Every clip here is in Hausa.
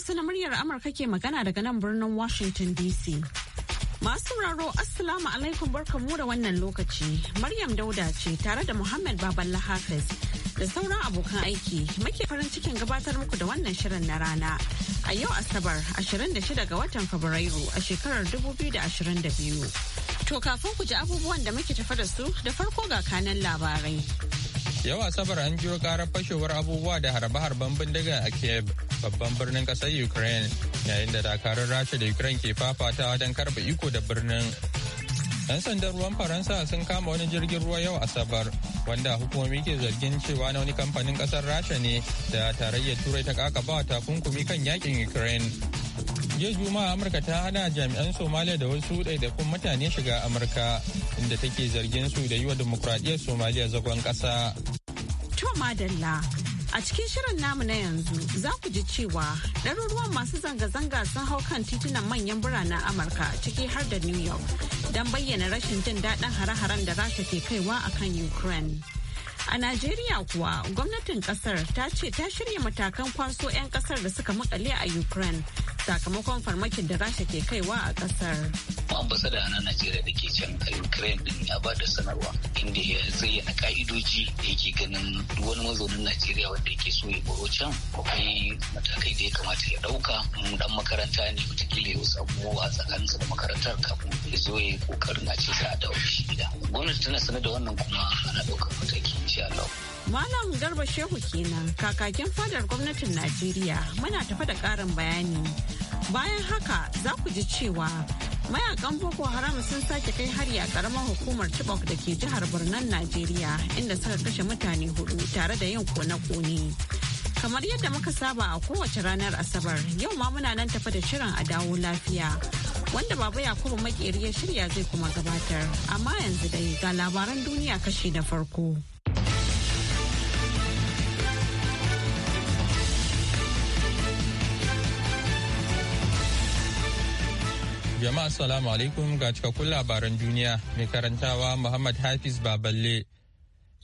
Hausa na muryar Amurka ke magana daga nan birnin Washington DC. Masu raro Assalamu alaikum barkamu da wannan lokaci. Maryam Dauda ce tare da Muhammad Baballa Hafiz da sauran abokan aiki muke farin cikin gabatar muku da wannan shirin na rana. A yau Asabar 26 ga watan Fabrairu a shekarar 2022. To kafin ku ji abubuwan da muke tafa da su da farko ga kanan labarai. Yau Asabar an jiro karar fashewar abubuwa da harbe-harben bindiga a Kiev, babban birnin ƙasar Ukraine, yayin da dakarun Rasha da Ukraine ke fafatawa don karba iko da birnin. 'Yan sandan ruwan Faransa sun kama wani jirgin ruwa yau Asabar, wanda hukumomi ke zargin cewa na wani kamfanin ƙasar Rasha ne da tarayyar Turai ta ta takunkumi kan yakin Ukraine. jiya juma'a amurka ta hana jami'an somaliya da wasu da ɗaiɗaikun mutane shiga amurka inda take zargin su da yi wa dimokuraɗiyyar somaliya zagon ƙasa to madalla a cikin shirin namu na yanzu za ku ji cewa ɗaruruwan masu zanga-zanga sun hau kan titunan manyan biranen amurka ciki har da new york don bayyana rashin jin daɗin hare-haren da rasha ke kaiwa akan ukraine A Najeriya kuwa gwamnatin kasar ta ce ta shirya matakan kwaso 'yan kasar da suka makale a Ukraine sakamakon farmakin da rasha ke kaiwa a kasar. ambasada na najeriya da ke can a ukraine din ya ba da sanarwa inda ya zayyana ka'idoji da yake ganin duk wani mazaunin najeriya wanda yake so ya baro can akwai matakai da ya kamata ya dauka dan makaranta ne watakila wasu abubuwa a tsakaninsa da makarantar kafin ya zo ya yi kokarin a ce za a dawo shi gida gwamnati tana sanar da wannan kuma ana daukar mataki insha Allah. Malam Garba Shehu kenan kakakin fadar gwamnatin Najeriya muna tafa da ƙarin bayani. Bayan haka za ku ji cewa mayakan Boko Haram sun sake kai hari a ƙaramar hukumar Chibok da ke jihar Birnin Najeriya inda suka kashe mutane hudu tare da yin kone-kone. Kamar yadda muka saba a kowace ranar Asabar yau ma muna nan tafa da shirin a dawo lafiya. Wanda Baba Yakubu Makeri ya shirya zai kuma gabatar, amma yanzu dai ga labaran duniya kashi na farko. Jama'a salamu alaikum ga cikakkun labaran duniya mai karantawa Muhammad Hafiz Baballe.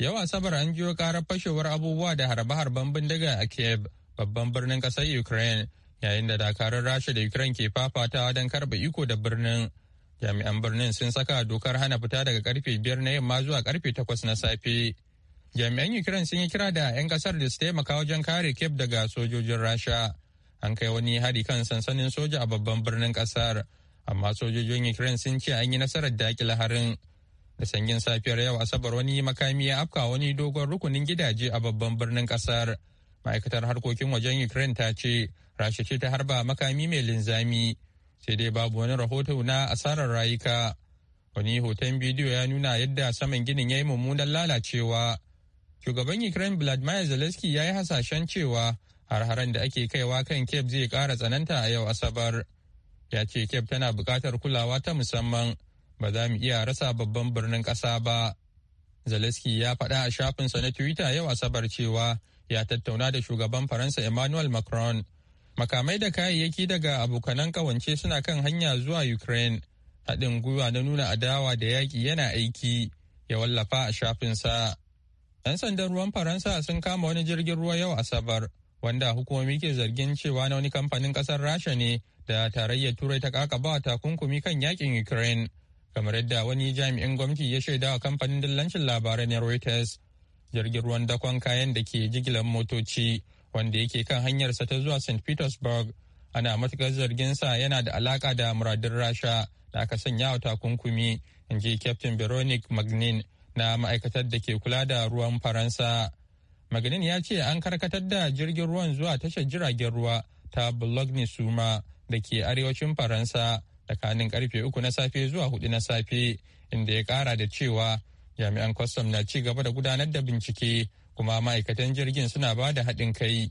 Yau sabar an jiyo karar fashewar abubuwa da harbe-harben bindiga a Kiev, babban birnin kasar Ukraine, yayin da dakarun Rasha da Ukraine ke fafatawa don karba iko da birnin. Jami'an birnin sun saka dokar hana fita daga karfe biyar na yamma zuwa karfe takwas na safe. Jami'an Ukraine sun yi kira da 'yan kasar da su taimaka wajen kare Kiev daga sojojin Rasha. An kai wani hari kan sansanin soja a babban birnin kasar amma sojojin ukraine sun ce an yi nasarar daƙile harin da sanyin safiyar yau asabar wani makami ya afka wani dogon rukunin gidaje a babban birnin kasar ma'aikatar harkokin wajen ukraine ta ce rasha ce ta harba makami mai linzami sai dai babu wani rahoto na asarar rayuka wani hoton bidiyo ya nuna yadda saman ginin ya yi mummunan lalacewa shugaban ukraine vladimir zelensky ya yi hasashen cewa har da ake kaiwa kan cape zai kara tsananta a yau asabar ya ce Cape tana bukatar kulawa ta musamman ba za mu iya rasa babban birnin ƙasa ba. Zelensky ya faɗa a shafinsa na Twitter yau Asabar cewa ya tattauna da shugaban Faransa Emmanuel Macron. Makamai da kayayyaki daga abokanan kawance suna kan hanya zuwa Ukraine. Haɗin gwiwa na nuna adawa da yaƙi yana aiki, ya wallafa a shafinsa. 'Yan sandan ruwan Faransa sun kama wani jirgin ruwa yau Asabar, wanda hukumomi ke zargin cewa na wani kamfanin ƙasar Rasha ne da tarayyar turai ta kaka kakaba takunkumi kan yakin ukraine kamar yadda wani jami'in gwamnati ya shaida a kamfanin dillancin labarai na reuters jirgin ruwan dakon kayan da ke jigilar motoci wanda yake kan hanyarsa ta zuwa st petersburg ana matukar zargin sa yana da alaka da muradin rasha da aka sanya wa takunkumi in ji captain veronic magnin na ma'aikatar da ke kula da ruwan faransa magnin ya ce an karkatar da jirgin ruwan zuwa tashar jiragen ruwa ta bologna suma da ke arewacin Faransa tsakanin karfe uku na safe zuwa hudu na safe inda ya kara da cewa jami'an kwastam na ci gaba da gudanar da bincike kuma ma'aikatan jirgin suna ba da haɗin kai.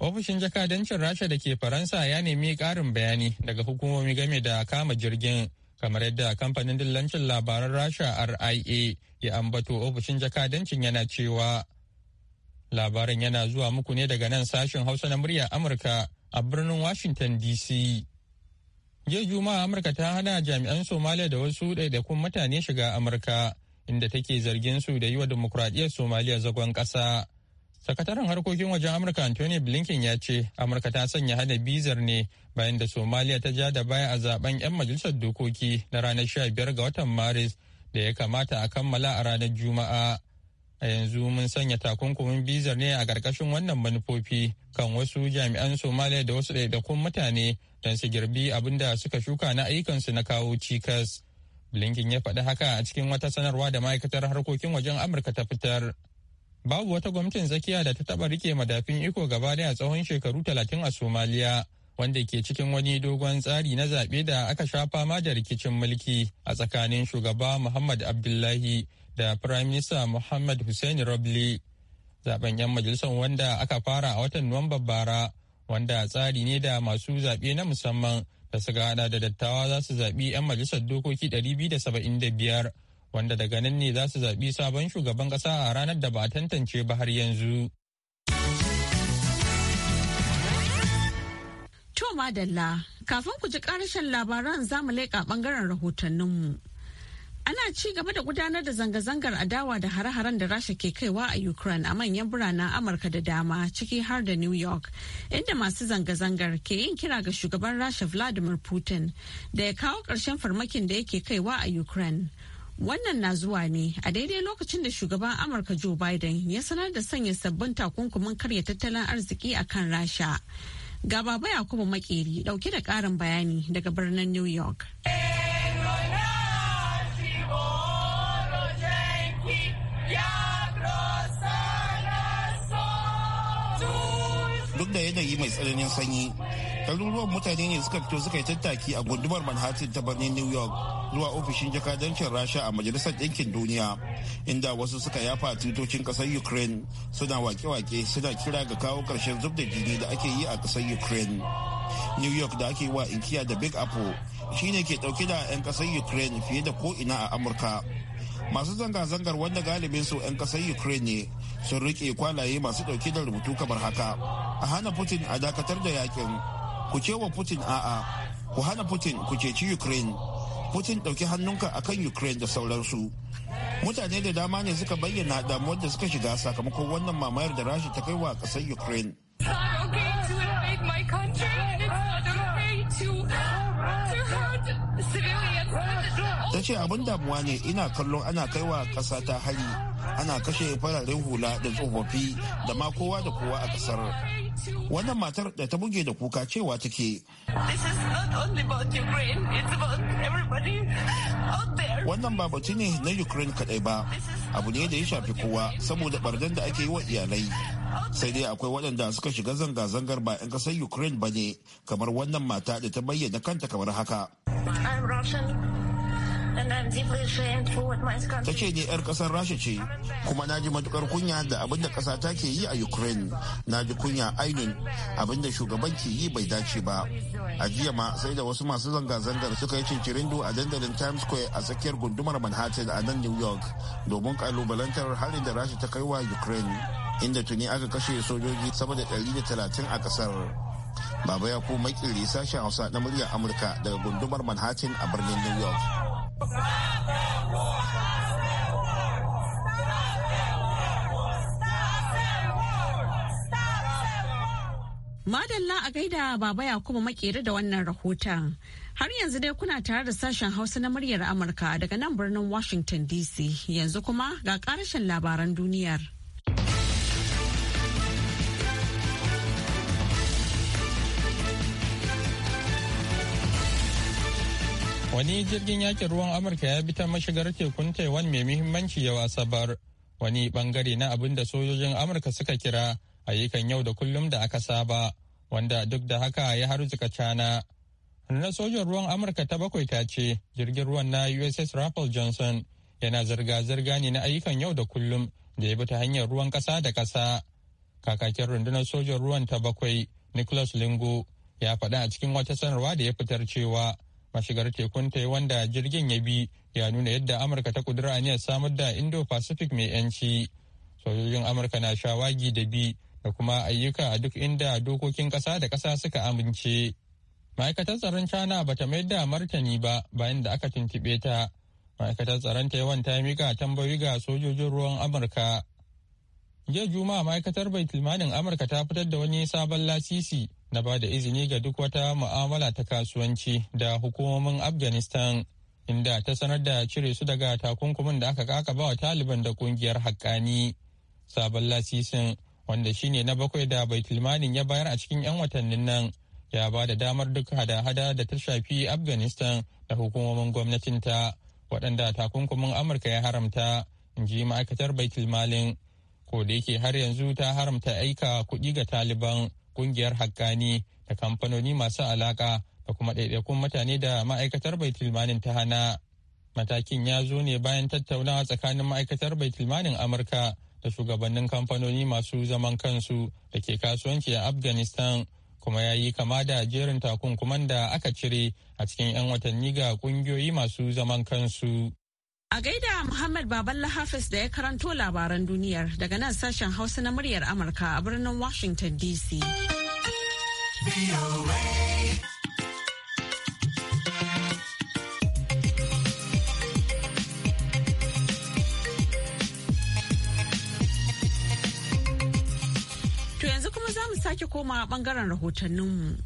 Ofishin jakadancin Rasha da ke Faransa ya nemi ƙarin bayani daga hukumomi game da kama jirgin kamar yadda kamfanin dillancin labaran Rasha RIA ya ambato ofishin jakadancin yana cewa labarin yana zuwa muku ne daga nan sashen Hausa na murya Amurka a birnin Washington DC. Jiya Juma'a Amurka ta hana jami'an somalia da wasu ɗaiɗaikun mutane shiga Amurka inda take zargin su da yi wa demokuraɗiyyar Somaliya zagon ƙasa. Sakataren harkokin wajen Amurka Anthony Blinken ya ce Amurka ta sanya hana bizar ne bayan da Somaliya ta ja da baya a zaben 'yan majalisar dokoki na ranar 15 ga watan Maris da ya kamata a kammala a ranar Juma'a. a yanzu mun sanya takunkumin bizar ne a ƙarƙashin wannan manufofi kan wasu jami'an somaliya da wasu ɗaiɗakun mutane don su girbi abin da suka shuka na ayyukansu na kawo cikas blinken ya faɗi haka a cikin wata sanarwa da ma'aikatar harkokin wajen amurka ta fitar babu wata gwamnatin tsakiya da ta taɓa rike madafin iko gaba daya tsawon shekaru talatin a somaliya wanda ke cikin wani dogon tsari na zaɓe da aka sha fama da rikicin mulki a tsakanin shugaba Muhammad Abdullahi da Prime Minister Muhammad Hussein Roble. Zaben 'yan majalisar wanda aka fara a watan Nuwamba bara wanda tsari ne da masu zaɓe na musamman da suka hada da dattawa za su zaɓi 'yan majalisar dokoki 275 wanda daga nan ne za su zaɓi sabon shugaban ƙasa a ranar da ba a tantance ba har yanzu. To madalla, kafin ku ji karshen labaran zamu leƙa ɓangaren rahotanninmu. Ana ci gaba da gudanar da zanga-zangar adawa da hare-haren da Rasha ke kaiwa a Ukraine a manyan biranen Amurka da dama ciki har da New York, inda masu zanga-zangar ke yin kira ga shugaban Rasha Vladimir Putin da ya kawo ƙarshen farmakin da yake kaiwa a Ukraine. Wannan na zuwa ne a daidai lokacin da shugaban Amurka Joe Biden ya sanar da sanya sabbin takunkumin karya tattalin arziki a kan Rasha. Ga baba kuma Makeri dauke da ƙarin bayani daga birnin New York. da yanayi mai tsananin sanyi ɗaruruwan mutane ne suka fito suka yi tattaki a gundumar manhattan ta birnin new york zuwa ofishin jakadancin rasha a majalisar ɗinkin duniya inda wasu suka yafa tutocin ƙasar ukraine suna wake-wake suna kira ga kawo ƙarshen zub da jini da ake yi a ƙasar ukraine new york da ake wa inkiya da big apple shine ke ɗauke da 'yan ƙasar ukraine fiye da ko ina a amurka masu zanga-zangar wanda galibin su 'yan ƙasar ukraine ne sun rike kwalaye masu dauke da rubutu kamar haka a hana putin a dakatar da yakin ku cewa putin a'a ku hana putin ku ceci ukraine putin dauki hannunka akan ukraine da sauransu mutane da dama ne suka bayyana damuwar da suka shiga sakamakon wannan mamayar da rashi ta kai wa kasar ukraine ta ce abin damuwa ne ina kallon ana kaiwa ƙasa ta hari ana kashe fararen hula da tsofaffi da ma kowa da kowa a kasar wannan matar da ta buge da kuka cewa take wannan ba ne na ukraine kadai ba abu ne da ya shafi kowa saboda bardan da ake yi wa iyalai sai dai akwai waɗanda suka shiga zanga-zangar ba 'yan kasar ukraine ba ne kamar wannan mata da ta bayyana kanta kamar haka ta ce ne 'yar kasar rasha ce kuma na ji matukar kunya da abin da kasa ta ke yi a ukraine na ji kunya ainun abin da shugaban ke yi bai dace ba a jiya ma sai da wasu masu zanga-zangar suka yi cincirindo a dandalin times square a tsakiyar gundumar manhattan a nan new york domin kalubalantar harin da rasha ta kai wa ukraine inda tuni aka kashe sojoji sama da talatin a kasar baba ya ko makili sashen hausa na muryar amurka daga gundumar manhattan a birnin new york Madalla a gaida baba ya kuma makere da wannan rahoton. Har yanzu dai kuna tare da sashen Hausa na muryar Amurka daga nan birnin Washington DC yanzu kuma ga ƙarashin labaran duniyar. Wani jirgin yakin ruwan Amurka ya bi ta mashigar tekun Taiwan mai muhimmanci yau Asabar, wani bangare na abin da sojojin Amurka suka kira ayyukan yau da kullum da aka saba, wanda duk da haka ya harzuka cana. Na sojan ruwan Amurka ta bakwai ta ce jirgin ruwan na USS Raffles Johnson yana zirga-zirga ne na ayyukan yau da kullum da ya bi ta hanyar ruwan ƙasa da ƙasa. Kakakin rundunar sojan ruwan ta bakwai Nicholas Lingo ya faɗa a cikin wata sanarwa da ya fitar cewa mashigar tekun ta wanda jirgin ya bi ya nuna yadda amurka ta kudura a aniyar samar da indo-pacific mai yanci sojojin amurka na shawagi da bi da kuma ayyuka a duk inda dokokin ƙasa da ƙasa suka amince ma'aikatar tsaron china ba ta mai da martani ba bayan da aka tuntuɓe ta ma'aikatar tsaron yawan ta miƙa tambayi ga sojojin ruwan amurka jiya juma'a ma'aikatar bai baitulmanin amurka ta fitar da wani sabon lasisi na ba da izini ga duk wata mu'amala ta kasuwanci da hukumomin afghanistan inda ta sanar da cire su daga takunkumin da aka kaka ba wa taliban da kungiyar haƙƙani sabon lasisin wanda shine na bakwai da baitulmanin ya bayar a cikin 'yan watannin nan ya ba da damar duk hada-hada da ta shafi afghanistan da hukumomin gwamnatinta waɗanda takunkumin amurka ya haramta in ji ma'aikatar baitulmalin ko da yake har yanzu ta haramta aika kuɗi ga taliban kungiyar hakkani da kamfanoni masu alaka da kuma ɗaiɗaikun mutane da ma'aikatar baitulmanin ta hana matakin ya zo ne bayan tattaunawa tsakanin ma'aikatar baitulmanin amurka da shugabannin kamfanoni masu zaman kansu da ke kasuwanci a afghanistan kuma ya yi kama da jerin takunkuman da aka cire a cikin 'yan watanni ga kungiyoyi masu zaman kansu A gaida Muhammad Baballa Hafiz da ya karanto labaran duniyar daga nan sashen Hausa na muryar Amurka a birnin Washington DC. To yanzu kuma za mu sake koma bangaren rahotanninmu.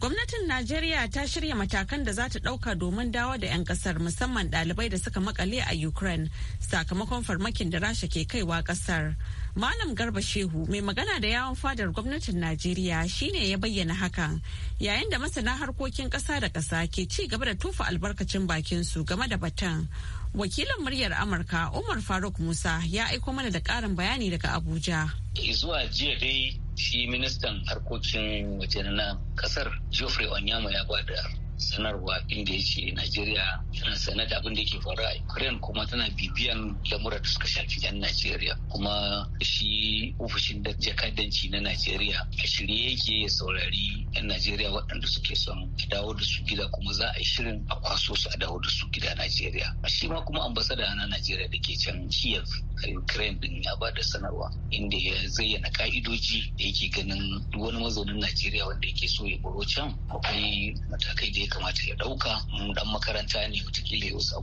Gwamnatin Najeriya ta shirya matakan da za ta ɗauka domin dawo da 'yan ƙasar musamman ɗalibai da suka makale a Ukraine sakamakon farmakin da Rasha ke kaiwa ƙasar. Malam Garba Shehu mai magana da yawon fadar gwamnatin Najeriya shine ya bayyana hakan yayin da masana harkokin ƙasa da ƙasa ke ci gaba da tufa albarkacin bakin su game da batun. Wakilin muryar Amurka Umar Faruk Musa ya aiko mana da karin bayani daga Abuja. Zuwa jiya dai shi ministan harkokin waje na kasar Geoffrey Onyama ya gwada sanarwa inda ya ce Najeriya tana sanar da abin da yake faru a Ukraine kuma tana bibiyan lamura da suka shafi 'yan Najeriya kuma shi ofishin da jakadanci na Najeriya a shirye yake ya saurari 'yan Najeriya waɗanda suke son a dawo da su gida kuma za a yi shirin a kwaso su a dawo da su gida Najeriya. Shi ma kuma ambasada na Najeriya da ke can Kiev a Ukraine din ya ba da sanarwa inda ya zayyana ka'idoji da yake ganin duk wani mazaunin Najeriya wanda yake so ya baro can akwai matakai da kamata ya dauka dan makaranta ne wataƙila ya wasu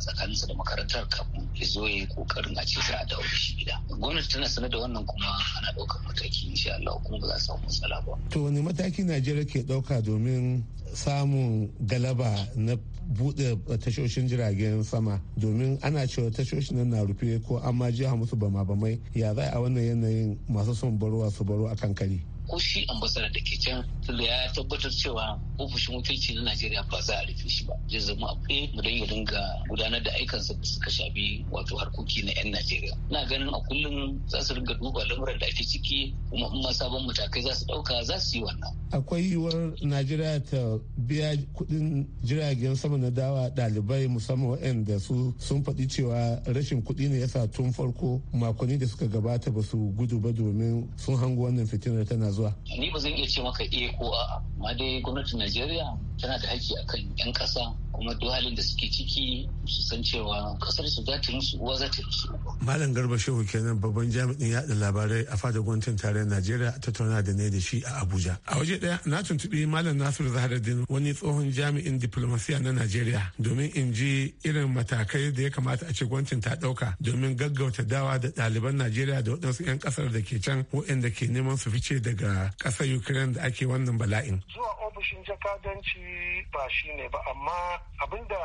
tsakaninsa da makarantar kafin ya zo ya yi kokarin a ce za a dawo shi gida gwamnati tana sanar da wannan kuma ana daukar mataki insha Allah kuma ba za a samu matsala ba to wani mataki Najeriya ke dauka domin samun galaba na bude tashoshin jiragen sama domin ana cewa tashoshin nan na rufe ko an ma jiya musu bama bamai ya za a wannan yanayin masu son barwa su baro a kankari ko shi ambasada da ke can tunda ya tabbatar cewa ofishin wakilci na Najeriya ba za a rufe shi ba zai zama kai mu dan ya dinga gudanar da aikansa da suka shafi wato harkoki na 'yan Najeriya. Na ganin a kullum za su dinga duba lamuran da ake ciki kuma in ma sabon matakai za su ɗauka za su yi wannan. Akwai yiwuwar Najeriya ta biya kudin jiragen sama na dawa dalibai musamman waɗanda su sun faɗi cewa rashin kuɗi ne yasa tun farko makonni da suka gabata ba su gudu ba domin sun hango wannan fitinar tana zuwa zuwa? Ni ba zan iya ce maka eh ko a'a, ma dai gwamnatin Najeriya tana da haƙƙi akan 'yan ƙasa kuma duk halin da suke ciki su san cewa ƙasar su za ta musu uwa za ta musu Malam Garba Shehu kenan babban jami'in yaɗa labarai a fadar gwamnatin tarayyar Najeriya tattauna da ne da shi a Abuja. A waje ɗaya na tuntuɓi Malam Nasiru Zaharuddin wani tsohon jami'in diplomasiya na Najeriya domin in ji irin matakai da ya kamata a ce gwamnatin ta ɗauka domin gaggauta dawa da ɗaliban Najeriya da waɗansu 'yan ƙasar da ke can waɗanda ke neman su fice daga ƙasar Ukraine da ake wannan bala'in. Zuwa ofishin jakadanci ba shi ne ba amma abinda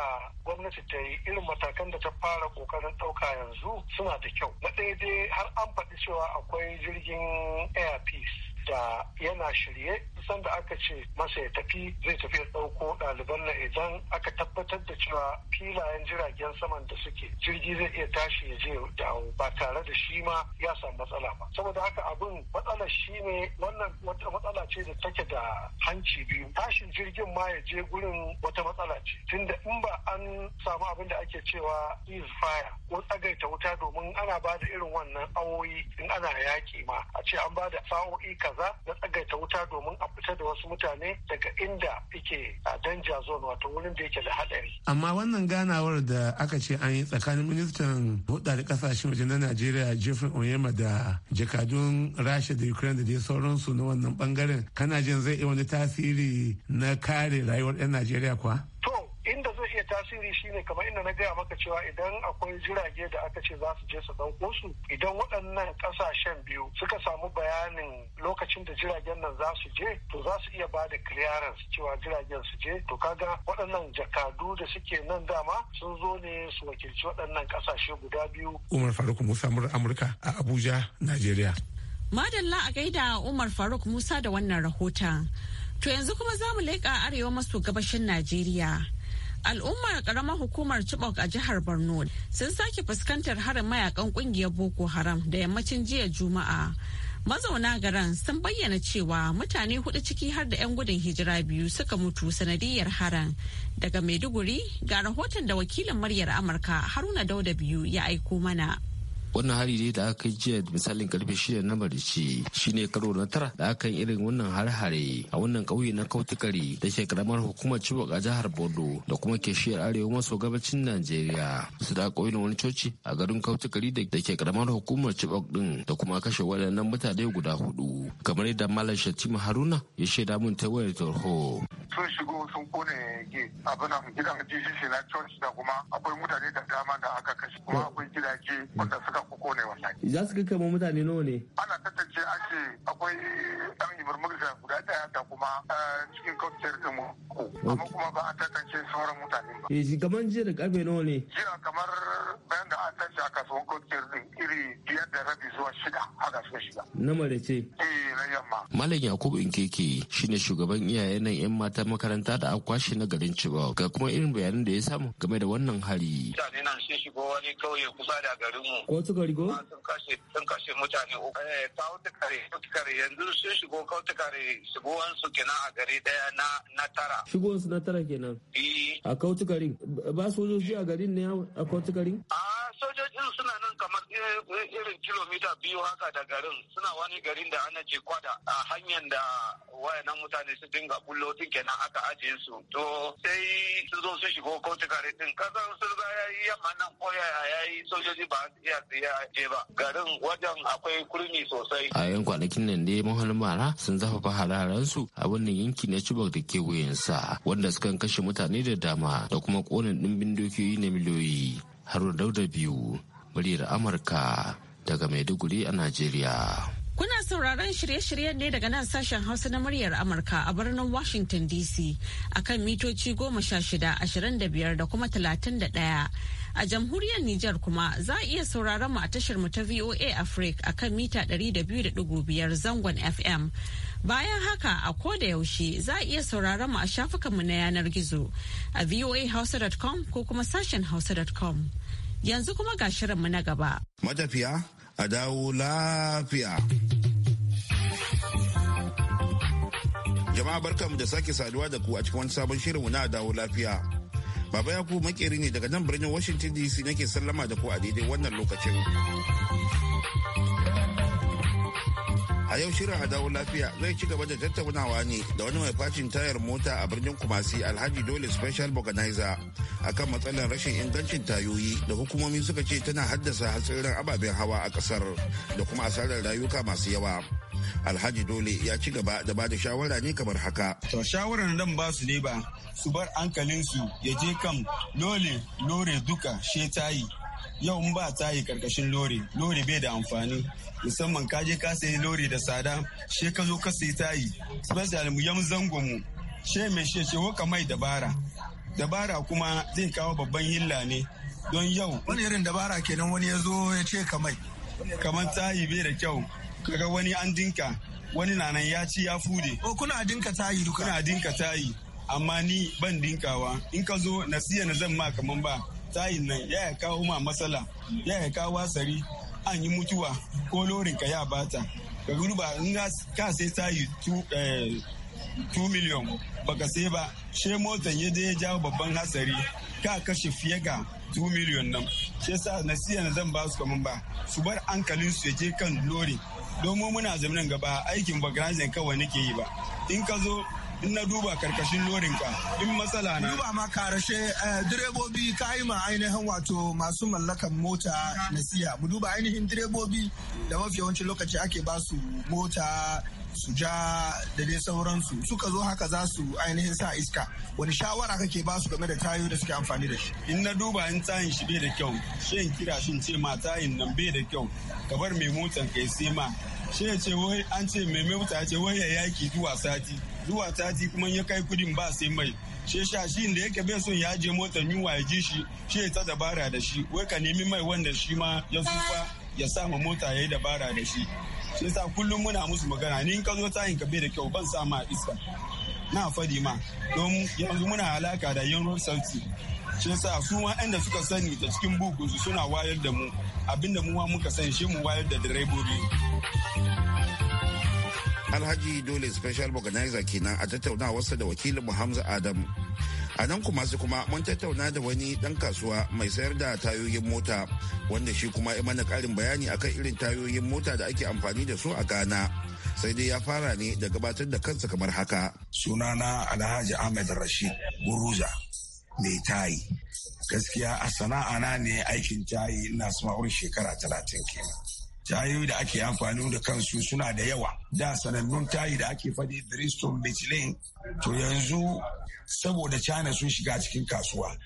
gwamnati ta yi irin matakan da ta fara kokarin ɗauka yanzu suna da kyau na ɗaya dai har an faɗi cewa akwai jirgin air da yana shirye sanda aka ce masa ya tafi zai tafi ya ɗauko ɗaliban na idan aka tabbatar da cewa filayen jiragen saman da suke jirgi zai iya tashi ya je dawo ba tare da shi ma ya samu matsala ba saboda haka abin matsala shi ne wannan wata matsala ce da take da hanci biyu tashin jirgin ma ya je gurin wata matsala ce tunda in ba an samu abin da ake cewa is fire ko tsagaita wuta domin ana ba da irin wannan awoyi in ana yaki ma a ce an ba da sa'o'i kaza na tsagaita wuta domin a fita da wasu mutane daga inda yake a danja zone wato wurin da yake da hadari. Amma wannan ganawar da aka ce an yi tsakanin ministan hudu da kasashen waje na Najeriya Jeffrey Onyema da jakadun Rasha da Ukraine da dai sauransu na wannan bangaren kana jin zai iya wani tasiri na kare rayuwar 'yan Najeriya kuwa? To inda tasiri shine kamar inda na gaya maka cewa idan akwai jirage da aka ce za su je su ɗauko su idan waɗannan ƙasashen biyu suka samu bayanin lokacin da jiragen nan za su je to za su iya ba da clearance cewa jiragen su je to kaga waɗannan jakadu da suke nan dama sun zo ne su wakilci waɗannan ƙasashe guda biyu. Umar Faruk Musa Amurka a Abuja, Najeriya. Madalla a gaida Umar Faruk Musa da wannan rahoton. To yanzu kuma za mu leƙa arewa maso gabashin Najeriya. Al'ummar karamar hukumar Chibok a jihar Borno sun sake fuskantar harin mayakan kungiyar Boko Haram da yammacin jiya Juma'a. Mazauna garin sun bayyana cewa mutane hudu ciki har da 'yan gudun hijira biyu suka mutu sanadiyar haran. Daga Maiduguri ga rahoton da wakilin muryar Amurka Haruna Dauda biyu ya aiko mana. wannan hari ne da aka jiya misalin karfe shida na marici shine karo na tara da aka yi irin wannan har-hare a wannan kauye na kautukari da ke karamar hukumar ciwo a jihar borno da kuma ke shiyar arewa maso gabacin najeriya su da wani coci a garin kautukari da ke karamar hukumar cibok din da kuma kashe waɗannan mutane guda hudu kamar yadda malam shatima haruna ya shaida mun ta wayar tarho. sun shigo sun kone ge abin gidan na coci da kuma akwai mutane da dama da aka kashe kuma akwai gidaje wanda suka ku kone wallahi za su kai kamar mutane nawa ne ana tattace an ce akwai dan murmurga guda daya da kuma eh, cikin kwanciyar din mu amma kuma ba a tattace sauran mutane ba eh kamar jiya da karfe nawa ne jiya kamar bayan da an tashi a kasuwan kwanciyar din iri biyar da rabi zuwa shida haka suka shiga na marece eh na yamma malam yakubu inkeke shine shugaban iyayen nan yan mata makaranta da aka kwashe na garin Chibok ga kuma irin bayanan da ya samu game da wannan hari mutane nan sun shigo wani kauye kusa da garinmu suka rigo? Ah, sun kashe mutane uku. Eh, kautu kare, kare yanzu sun shigo kautu kare shigowansu kenan a gari daya na na tara. Shigowansu na tara kenan? Eh. A kautu kare. Ba sojoji a garin ne a kautu kare? A ah, sojojin suna nan kamar eh, irin kilomita biyu haka da garin suna wani garin da ana ce kwada a hanyar da wayanan mutane su dinga bullo kenan aka ajiye su to sai sun zo su shigo kotu kare din kasan sun ya yi yamma nan koya yi sojoji ba su iya tsaya je ba garin wajen akwai kurmi sosai a yan kwanakin nan ne mahalin mara sun zafafa hararen su a wannan yanki na cibok da kewayensa wanda sukan kashe mutane da dama da kuma konin ɗimbin dokiyoyi na miliyoyi haruna dauda biyu muryar amurka daga maiduguri a najeriya Kuna sauraron shirye-shiryen ne daga nan sashen Hausa na muryar Amurka a birnin Washington DC a kan mitoci goma sha shida ashirin da biyar da kuma talatin da ɗaya. A jamhuriyar Nijar kuma za a iya sauraron mu a tashar mu ta VOA Africa a kan mita ɗari da biyu da ɗigo biyar zangon FM. Bayan haka a ko da yaushe za a iya sauraron mu a shafukanmu na yanar gizo a voahausa.com ko kuma sashen hausa.com. Yanzu kuma ga shirinmu na gaba. Matafiya a dawo lafiya. Jama'a barkamu da sake saduwa da ku a cikin wani sabon shirinmu na dawo lafiya. Baba Yakubu makeri ne daga nan birnin Washington DC nake sallama da ku a daidai wannan lokacin. a yau shirin adawo lafiya zai ci gaba da tattaunawa ne da wani mai facin tayar mota a birnin kumasi alhaji dole special organizer akan matsalar rashin ingancin tayoyi da hukumomi suka ce tana haddasa hatsarin ababen hawa a kasar da kuma asarar rayuka masu yawa alhaji dole ya ci gaba da ba da shawara ne kamar haka to shawarar nan ba su ne ba su bar hankalinsu ya je kan lole lore duka shetayi tayi yau in ba yi karkashin lori lori bai da amfani musamman ka je ka sayi lori da tsada she ka zo ka sayi tayi special mu yam zango mu she mai she ce waka mai dabara dabara kuma zai kawo babban hilla ne don yau wani irin dabara kenan wani ya zo ya ce mai. kamar tayi bai da kyau kaga wani an dinka wani na nan ya ci ya fude ko oh, kuna dinka tayi duka kuna dinka tayi amma ni ban dinkawa in ka zo nasiya na zan ma kaman ba tayin nan ya ya kawo ma matsala ya ya kawo wasari an yi mutuwa ko lorin ka ya bata ka ba in ka sai tayi 2 eh, ba baka sai ba she motan ya je jawo babban hasari ka kashe fiye ga 2 million nan shi yasa nasiya na zan ba su kamun ba su bar hankalin su je kan lori domin muna nan gaba aikin bagrazin kawai nake yi ba in ka zo in na duba karkashin lorinka in matsala na duba ma karashe eh, direbobi ka yi ma ainihin wato masu mallakan mota siya. mu duba ainihin direbobi da mafi yawancin lokaci ake ba su mota su ja da dai sauransu suka zo haka za su ainihin sa iska wani shawara kake ba su game da tayo da suke amfani da shi in na duba in tayin shi bai da kyau shin kira shin ce ma tayin nan bai da kyau ka bar mai motan kai sai ma shi ce wai an ce mai mota ce wai ya yaki zuwa sati zuwa tati kuma ya kai kudin ba sai mai she sha shi da yake bai son ya je motar yunwa ya ji shi she ta dabara da shi wai ka nemi mai wanda shi ma ya sufa ya sa ma mota ya yi dabara da shi shi sa kullum muna musu magana ni ka zo tayin ka bai da kyau ban sa ma iska na fadi ma don yanzu muna alaka da yan road shi sa su ma da suka sani ta cikin bugunsu suna wayar da mu abinda mu ma muka sani shi mu wayar da direbobi Alhaji Dole Special Organizer kenan a tattauna wasu da wakilin Hamza adamu A nan kuma su kuma mun tattauna da wani dan kasuwa mai sayar da tayoyin mota wanda shi kuma ya mana karin bayani akan irin tayoyin mota da ake amfani da su a Ghana. Sai dai ya fara ne da gabatar da kansa kamar haka. Sunana Alhaji Ahmed Rashid buruza mai tayi. Gaskiya a sana'a na ne aikin tayi ina sama'ur shekara talatin kenan. tayoyi da ake amfani da kansu suna da yawa da sanannun tayi da ake faɗi bristol michelin to yanzu saboda china sun shiga cikin kasuwa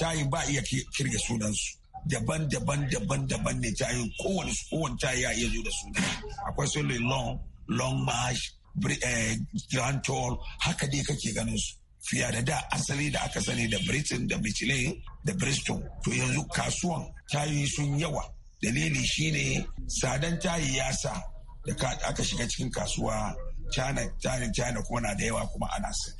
tayi ba iya kirga sunansu daban daban daban daban ne tayi kowane kowane tayi ya iya zo da sunan akwai su long long march eh, grand tour haka dai kake ganin su fiya da da asali da aka sani da britain da michelin da bristol to yanzu kasuwan tayi sun yawa dalili shine sadan tayi ya sa da aka shiga cikin kasuwa china china china kuma na da yawa kuma ana su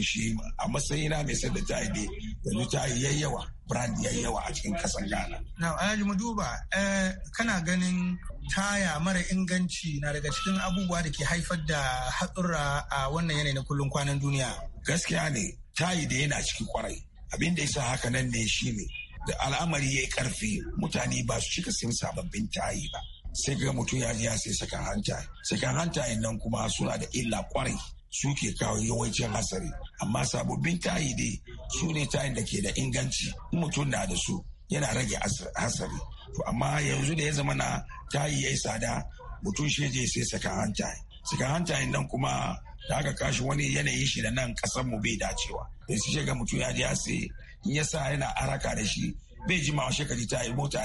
shi a matsayina mai sayar da tayi ne yanzu tayi yayyawa brand yayyawa a cikin kasar ghana na alhaji duba eh, kana ganin taya mara inganci na daga cikin abubuwa da ke haifar da hatsura a wannan yanayi na kullum kwanan duniya gaskiya ne tayi da yana cikin kwarai abin da yasa haka nan ne shine da al'amari ya yi karfi mutane ba su cika sayan sababbin tayi ba sai ga mutum ya ya sai sakan hanta sakan hanta nan kuma suna da illa kwarai su ke kawo yawancin hasari amma sababbin tayi dai su ne tayin da ke da inganci mutum na da su yana rage hasari to amma yanzu da ya zama na tayi ya yi tsada mutum shi je sai sakan hanta sakan hanta nan kuma da aka kashi wani yanayin shi da nan kasan mu bai dacewa sai shi shiga mutum ya ya sai yasa yana araka da shi bai jimawa shekaru ta yi mota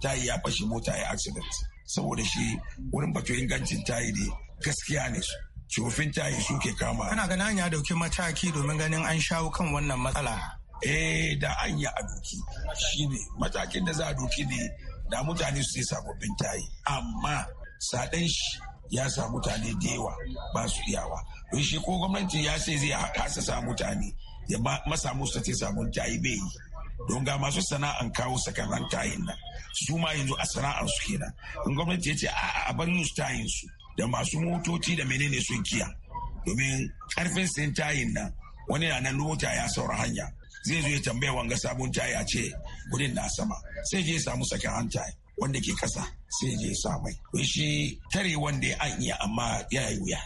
ta yi ya fashe mota ya accident saboda shi wurin bato ingancin tayi ne gaskiya ne su cofin tayi su ke kama ana ganin ya dauki mataki domin ganin an shawo kan wannan matsala eh da an yi a doki shine matakin da za a doki ne da mutane su sai sababbin tayi amma sadan shi ya sa mutane da yawa ba su iyawa don shi ko gwamnati ya ce zai hasasa mutane ya masa musu ta sabon jaibe bai yi don ga masu sana'an kawo sakaran tayin nan su ma yanzu a sana'ar su kenan in gwamnati ya ce a a bar tayin su da masu motoci da menene sun kiya domin karfin sayan tayin nan wani na nan mota ya saura hanya zai zo ya tambaya wanga sabon tayi a ce gudun na sama sai je samu sakan tayi wanda ke kasa sai je sa mai shi tare wanda ya an iya amma ya yi wuya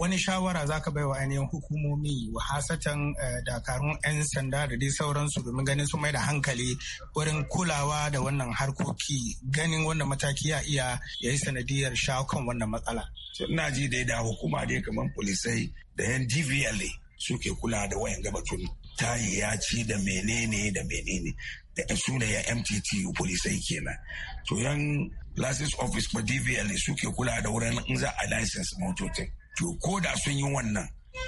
wani shawara zaka bai wa ainihin hukumomi wa hasatan eh, dakarun yan sanda da dai sauransu domin ganin su mai da hankali wurin kulawa da wannan harkoki ganin wannan mataki ya iya ya yi sanadiyar shawo kan wannan matsala ina ji dai da hukuma dai kamar polisai da yan dvla suke kula da wayan gabatun tayi ya ci da menene da menene da sunayen mttu polisai kenan to yan license office ko dvl suke kula da wurin in za a license motocin to ko da sun yi wannan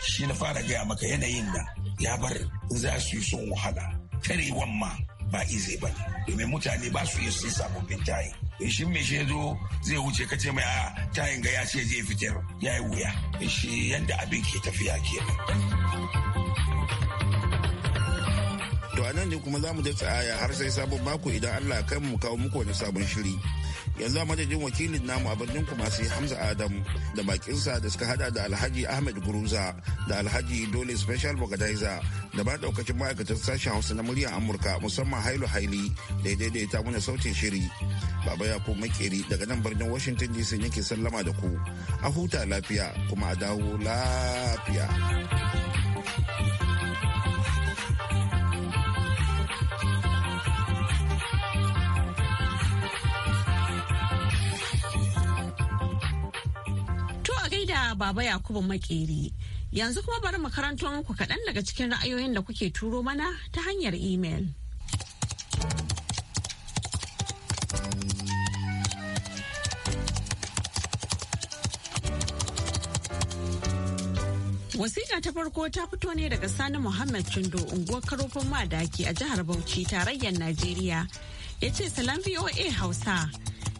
shi na fara gaya maka yanayin nan ya bar in za su yi sun wahala tarewan ma ba izi ba domin mutane ba su yi sun sababbin tayi eh, shi mai shi zo zai wuce kace mai a tayin ga ya ce zai fitar ya yi wuya eh, shi yadda abin ke tafiya kenan To a nan ne kuma za mu da tsaya har sai sabon mako idan Allah kai mu kawo muku wani sabon shiri. Yanzu a madadin wakilin namu a birnin kuma sai Hamza Adam da bakinsa da suka hada da Alhaji Ahmed Guruza da Alhaji Dole Special Bogadiza da ba daukacin ma'aikatar sashen Hausa na muryar Amurka musamman Hailu Haili da ya daidaita mana sautin shiri. Baba ya makeri daga nan birnin Washington DC yake sallama da ku. A huta lafiya kuma a dawo lafiya. baba Yakubu Makeri. Yanzu kuma bari mu muku kaɗan daga cikin ra'ayoyin da kuke turo mana ta hanyar imel. Wasiƙa ta farko ta fito ne daga Sani Muhammad Chindo unguwar karofin madaki a jihar Bauchi tarayyar Najeriya. Ya ce salam VOA Hausa.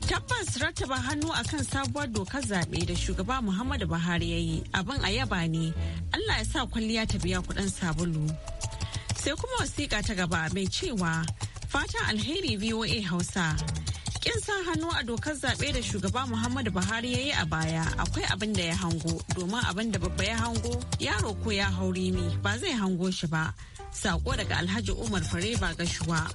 Tabbas rattaba hannu akan sabuwar dokar zaɓe da shugaba Muhammadu Buhari ya yi abin a yaba ne Allah ya sa kwalliya ta biya kuɗin sabulu. Sai kuma wasiƙa ta gaba mai cewa fatan alheri VOA Hausa. Kin san hannu a dokar zaɓe da shugaba Muhammadu Buhari ya yi a baya akwai abin da ya hango domin abin da babba ya hango yaro ko ya hauri ne ba zai hango shi ba. Sako daga Alhaji Umar Fareba Gashuwa.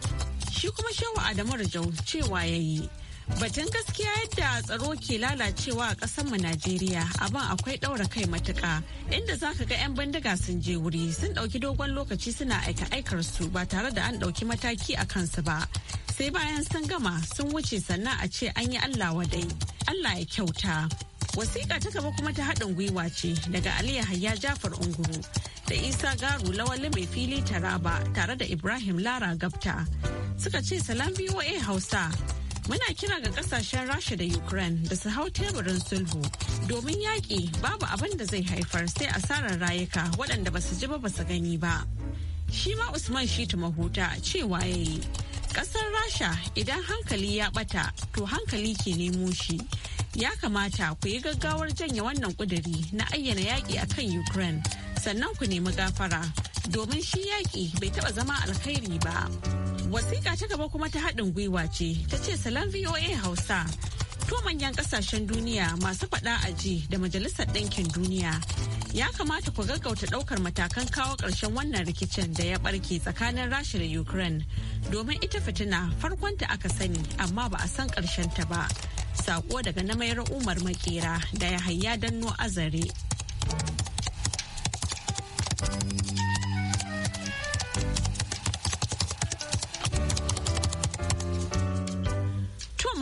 Shi kuma shawa Adamu Rajau cewa ya yi. Batun gaskiya yadda tsaro ke lalacewa a mu Najeriya abin akwai ɗaura kai matuka inda za ka ga 'yan bindiga sun je wuri sun ɗauki dogon lokaci suna aika aikar su ba tare da an ɗauki mataki a kansu ba. Sai bayan sun gama sun wuce sannan a ce an yi Allah wadai. Allah ya kyauta. Wasiƙa ta gaba kuma ta haɗin gwiwa ce daga Aliyu Hayya Jafar Unguru da Isa Garu Lawali mai fili Taraba tare da Ibrahim Lara Gabta. Suka ce salam voa Hausa Muna kira ga kasashen Rasha da Ukraine da su hau teburin sulhu domin yaƙi babu abin da zai haifar sai asarar rayuka waɗanda ba su ji ba ba su gani ba. Shi ma Usman Shitu Mahuta cewa ya yi. Ƙasar Rasha idan hankali ya ɓata to hankali ke nemo shi. Ya kamata ku yi gaggawar janye wannan ƙuduri na ayyana yaƙi a kan Ukraine sannan ku nemi gafara domin shi yaƙi bai taɓa zama alkhairi ba. Wasiƙa ta gaba kuma ta haɗin gwiwa ce, ta ce salon VOA Hausa. To manyan ƙasashen duniya masu faɗa a ji da Majalisar Ɗinkin Duniya. Ya kamata ku gaggauta ɗaukar matakan kawo ƙarshen wannan rikicin da ya ɓarke tsakanin Rasha da Ukraine. Domin ita fitina farkon ta aka sani amma ba a san ƙarshen ta ba. saƙo daga na Umar Makera da ya hayya danno azare.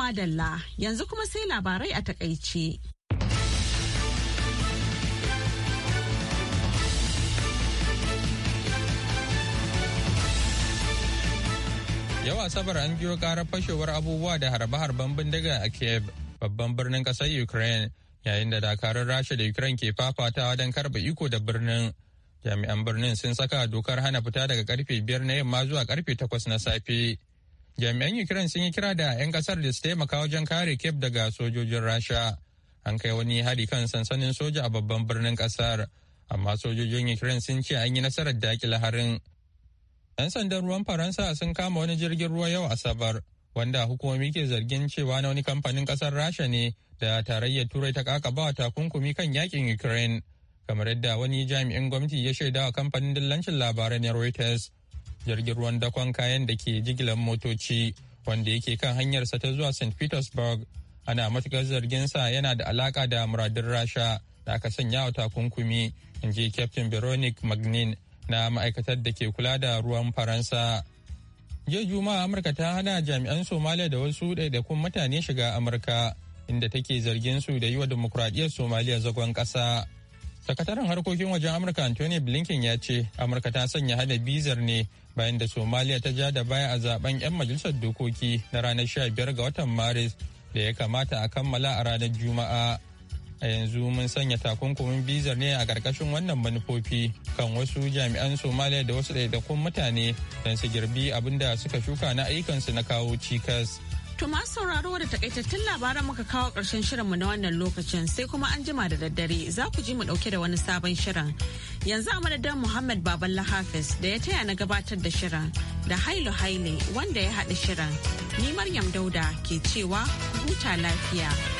madalla yanzu kuma sai labarai a takaice. Yawa sabar an biyo karar fashewar abubuwa da harbe-harben bindiga a Kiev, babban birnin kasar Ukraine, yayin da dakarun Rasha da Ukraine ke fafatawa don karba iko da birnin. Jami'an birnin sun saka dokar hana fita daga karfe biyar na yamma zuwa karfe takwas na safe. jami'an ukraine sun yi kira da 'yan kasar da su taimaka wajen kare kef daga sojojin rasha an kai wani hari kan sansanin soja a babban birnin kasar amma sojojin ukraine sun ce an yi nasarar dakile harin 'yan sandan ruwan faransa sun kama wani jirgin ruwa yau asabar wanda hukumomi ke zargin cewa na wani kamfanin kasar rasha ne da tarayyar turai ta kaka ba takunkumi kan yakin ukraine kamar yadda wani jami'in gwamnati ya shaidawa kamfanin dillancin labarai na reuters jirgin ruwan dakon kayan da ke jigilar motoci wanda yake kan hanyarsa ta zuwa st petersburg ana matukar zarginsa yana da alaƙa da muradin rasha da aka sanya wa takunkumi in ji captain veronic magnin na ma'aikatar da ke kula da ruwan faransa jiya juma'a amurka ta hana jami'an somaliya da wasu ɗaiɗaikun mutane shiga amurka inda take zargin su da yi wa dimokuraɗiyyar somaliya zagon ƙasa sakataren harkokin wajen amurka anthony blinken ya ce amurka ta sanya hada bizar ne bayan da somaliya ta ja da baya a zaben 'yan majalisar dokoki na ranar 15 ga watan maris da ya kamata a kammala a ranar juma'a a yanzu mun sanya takunkumin bizar ne a ƙarƙashin wannan manufofi kan wasu jami'an somaliya da wasu ɗaiɗaikun mutane don su girbi abin da suka shuka na ayyukansu na kawo cikas Tuma masu sauraro da takaitattun labaran muka kawo ƙarshen shirinmu na wannan lokacin sai kuma an jima da daddare za ku ji mu ɗauke da wani sabon shirin. Yanzu a madadin Muhammad Baballa Hafiz da ya taya na gabatar da shirin da Hailu Haile wanda ya haɗa shirin. Ni Maryam Dauda ke cewa huta lafiya.